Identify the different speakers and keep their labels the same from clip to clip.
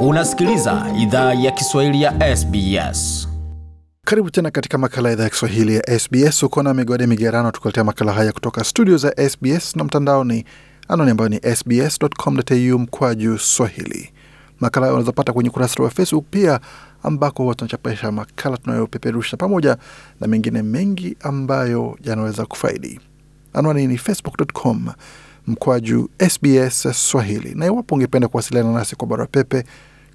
Speaker 1: Unasikiliza idhaa ya Kiswahili ya SBS. Karibu tena katika makala ya idhaa ya Kiswahili ya SBS. Ukona migode migerano, tukuletea makala haya kutoka studio za SBS na mtandaoni, anwani ambayo ni sbs.com.au mkwaju swahili. Makala hayo unazopata kwenye ukurasa wa Facebook pia, ambako huwa tunachapisha makala tunayopeperusha pamoja na mengine mengi ambayo yanaweza kufaidi. Anwani ni facebook.com mkwaju SBS Swahili. Na iwapo ungependa kuwasiliana nasi kwa barua pepe,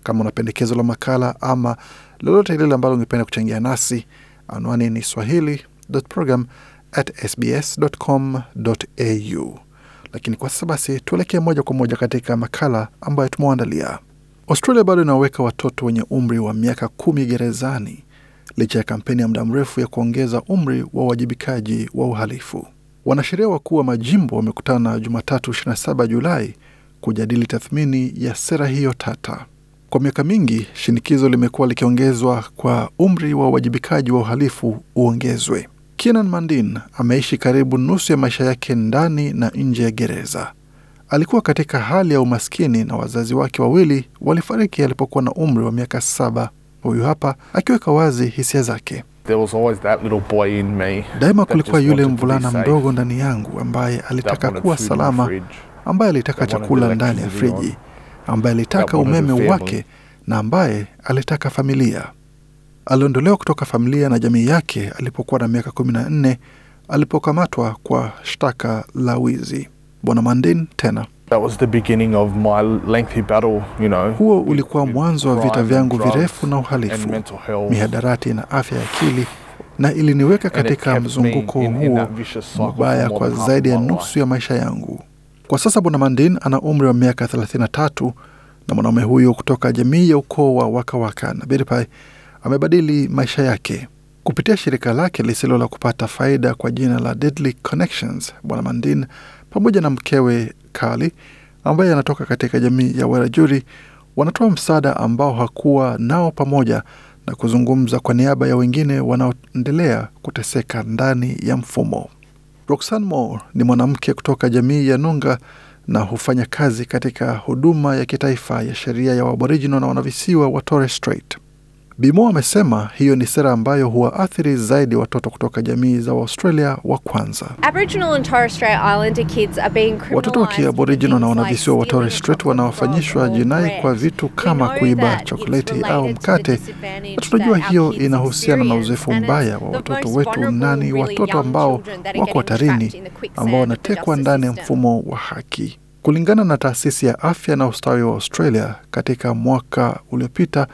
Speaker 1: kama una pendekezo la makala ama lolote lile ambalo ungependa kuchangia nasi, anwani ni swahili.program@sbs.com.au. Lakini kwa sasa basi, tuelekee moja kwa moja katika makala ambayo tumewaandalia. Australia bado inaweka watoto wenye umri wa miaka kumi gerezani licha ya kampeni ya muda mrefu ya kuongeza umri wa uwajibikaji wa uhalifu. Wanasheria wakuu wa majimbo wamekutana Jumatatu 27 Julai kujadili tathmini ya sera hiyo tata. Kwa miaka mingi shinikizo limekuwa likiongezwa kwa umri wa uwajibikaji wa uhalifu uongezwe. kinan Mandin ameishi karibu nusu ya maisha yake ndani na nje ya gereza. Alikuwa katika hali ya umaskini na wazazi wake wawili walifariki alipokuwa na umri wa miaka saba. Huyu hapa akiweka wazi hisia zake. There was always that little boy in me. Daima kulikuwa yule mvulana mdogo ndani yangu ambaye alitaka kuwa salama, ambaye alitaka chakula ndani ya friji, ambaye alitaka umeme wake na ambaye alitaka familia. Aliondolewa kutoka familia na jamii yake alipokuwa na miaka 14 alipokamatwa kwa shtaka la wizi. Bwana Mandin tena huo ulikuwa mwanzo wa vita vyangu virefu na uhalifu, mihadarati na afya ya akili, na iliniweka katika mzunguko huo mbaya kwa zaidi ya nusu ya maisha yangu. Kwa sasa Bwana Mandin ana umri wa miaka 33 na mwanaume huyo kutoka jamii ya ukoo wa Wakawaka na Birpai amebadili maisha yake kupitia shirika lake lisilo la kupata faida kwa jina la Deadly Connections. Bwana Mandin pamoja na mkewe serikali ambaye anatoka katika jamii ya Warajuri wanatoa msaada ambao hakuwa nao pamoja na kuzungumza kwa niaba ya wengine wanaoendelea kuteseka ndani ya mfumo. Roxanne Moore ni mwanamke kutoka jamii ya Nunga na hufanya kazi katika huduma ya kitaifa ya sheria ya Waborijino na wanavisiwa wa Torres Strait. Bimo amesema hiyo ni sera ambayo huwaathiri zaidi watoto kutoka jamii za Waustralia wa kwanza. Watoto wa kiaborijina na wanavisiwa wa Torres Strait wanaofanyishwa jinai kwa vitu kama kuiba chokoleti au mkate, na tunajua hiyo inahusiana na uzoefu mbaya wa watoto wetu. Nani watoto ambao wako hatarini, ambao wanatekwa ndani ya mfumo wa haki. Kulingana na taasisi ya afya na ustawi wa Australia, katika mwaka uliopita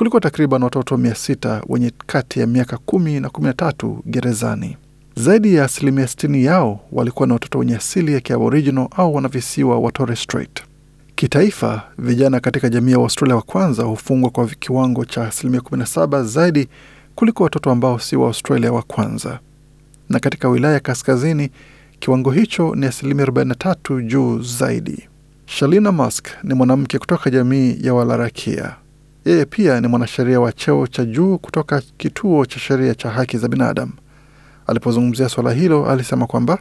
Speaker 1: kuliko takriban watoto mia sita wenye kati ya miaka kumi na kumi na tatu gerezani. Zaidi ya asilimia sitini yao walikuwa na watoto wenye asili ya kiaboriginal au wanavisiwa wa Torres Strait. Kitaifa, vijana katika jamii ya Waustralia wa kwanza hufungwa kwa kiwango cha asilimia 17 zaidi kuliko watoto ambao si wa australia wa kwanza, na katika wilaya ya kaskazini kiwango hicho ni asilimia 43 juu zaidi. Shalina Musk ni mwanamke kutoka jamii ya Walarakia. Yeye pia ni mwanasheria wa cheo cha juu kutoka kituo cha sheria cha haki za binadamu. Alipozungumzia suala hilo, alisema kwamba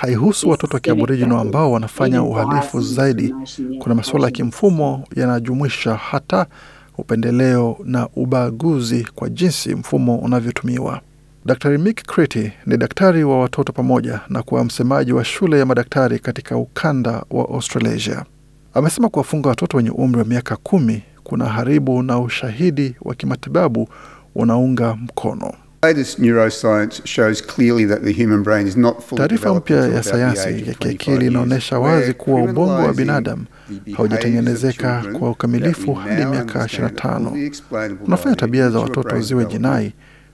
Speaker 1: haihusu watoto wa kiaborijini ambao wanafanya uhalifu zaidi. Kuna masuala ya kimfumo yanajumuisha hata upendeleo na ubaguzi kwa jinsi mfumo unavyotumiwa. dr Mick Creti ni daktari wa watoto pamoja na kuwa msemaji wa shule ya madaktari katika ukanda wa Australasia. Amesema kuwafunga watoto wenye umri wa miaka kumi kuna haribu na ushahidi wa kimatibabu unaunga mkono Taarifa mpya ya sayansi ya kiakili inaonyesha wazi kuwa ubongo wa binadamu haujatengenezeka kwa ukamilifu hadi miaka 25. Tunafanya tabia za watoto ziwe jinai,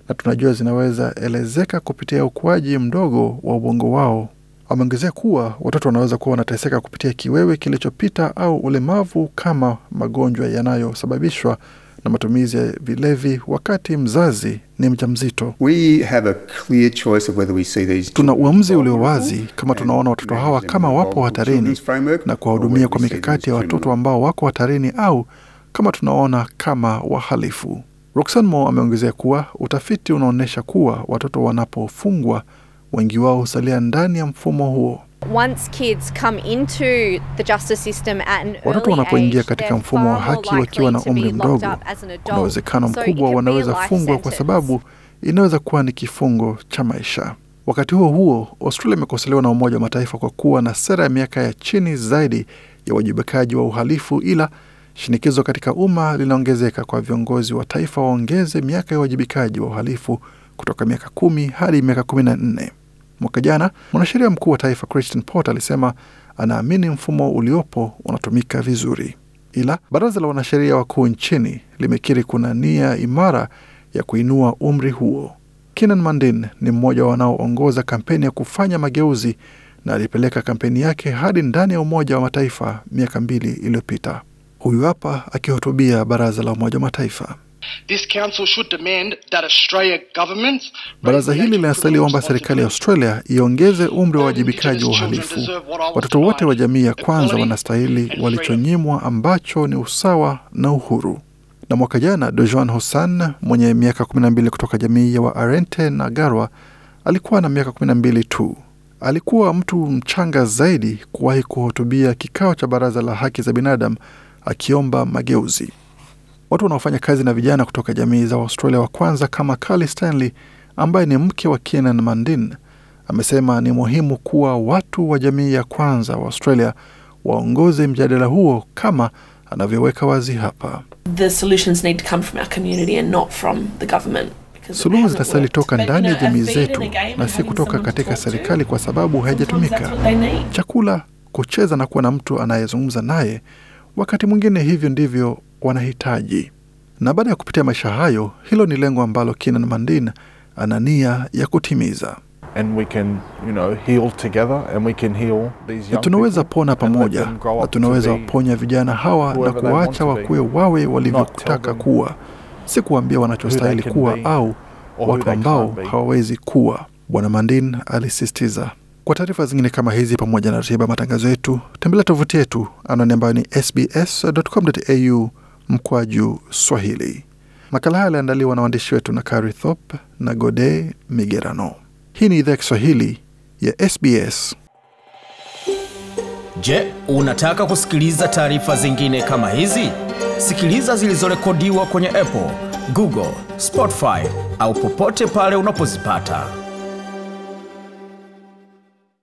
Speaker 1: na tunajua zinaweza elezeka kupitia ukuaji mdogo wa ubongo wao Wameongezea kuwa watoto wanaweza kuwa wanateseka kupitia kiwewe kilichopita au ulemavu kama magonjwa yanayosababishwa na matumizi ya vilevi wakati mzazi ni mjamzito. Tuna uamuzi ulio wazi kama tunaona watoto hawa kama wapo hatarini na kuwahudumia kwa mikakati ya watoto ambao wako hatarini au kama tunaona kama wahalifu. Roxanne Moore ameongezea kuwa utafiti unaonyesha kuwa watoto wanapofungwa wengi wao husalia ndani ya mfumo huo. Watoto wanapoingia katika mfumo wa haki wakiwa na umri mdogo, kuna uwezekano mkubwa wanaweza fungwa kwa sababu inaweza kuwa ni kifungo cha maisha. Wakati huo huo, Australia imekosolewa na Umoja wa Mataifa kwa kuwa na sera ya miaka ya chini zaidi ya uwajibikaji wa uhalifu, ila shinikizo katika umma linaongezeka kwa viongozi wa taifa waongeze miaka ya uwajibikaji wa uhalifu kutoka miaka kumi hadi miaka kumi na nne. Mwaka jana mwanasheria mkuu wa taifa Christian Porter alisema anaamini mfumo uliopo unatumika vizuri, ila baraza la wanasheria wakuu nchini limekiri kuna nia imara ya kuinua umri huo. Kinan Mandin ni mmoja wanaoongoza kampeni ya kufanya mageuzi na alipeleka kampeni yake hadi ndani ya Umoja wa Mataifa miaka mbili iliyopita. Huyu hapa akihutubia baraza la Umoja wa Mataifa. Baraza hili linastahili omba serikali ya Australia iongeze umri wa wajibikaji wa uhalifu. Watoto wote wa jamii ya kwanza wanastahili walichonyimwa, ambacho ni usawa na uhuru. Na mwaka jana Dojuan Hosan mwenye miaka 12 kutoka jamii ya Waarente na Garwa alikuwa na miaka 12 tu. Alikuwa mtu mchanga zaidi kuwahi kuhutubia kikao cha baraza la haki za binadamu akiomba mageuzi watu wanaofanya kazi na vijana kutoka jamii za Australia wa kwanza kama Carly Stanley ambaye ni mke wa Kenan Mandin amesema ni muhimu kuwa watu wa jamii ya kwanza wa Australia waongoze mjadala huo kama anavyoweka wazi hapa. Suluhu zinastahili toka ndani ya jamii zetu na si kutoka katika serikali, kwa sababu haijatumika. Chakula, kucheza na kuwa na mtu anayezungumza naye Wakati mwingine hivyo ndivyo wanahitaji. Na baada ya kupitia maisha hayo, hilo ni lengo ambalo Kinan Mandin ana nia ya kutimiza. Tunaweza pona pamoja na tunaweza waponya vijana hawa na kuwaacha wakuwe wawe walivyotaka kuwa, si kuwaambia wanachostahili kuwa au watu ambao hawawezi kuwa, Bwana Mandin alisisitiza. Kwa taarifa zingine kama hizi pamoja na ratiba matangazo yetu, tembelea tovuti yetu anwani ambayo ni sbs.com.au mkwaju swahili. Makala haya yaliandaliwa na waandishi wetu na Kari thop na Gode Migerano. Hii ni idhaa ya Kiswahili ya SBS. Je, unataka kusikiliza taarifa zingine kama hizi? Sikiliza zilizorekodiwa kwenye Apple, Google, Spotify au popote pale unapozipata.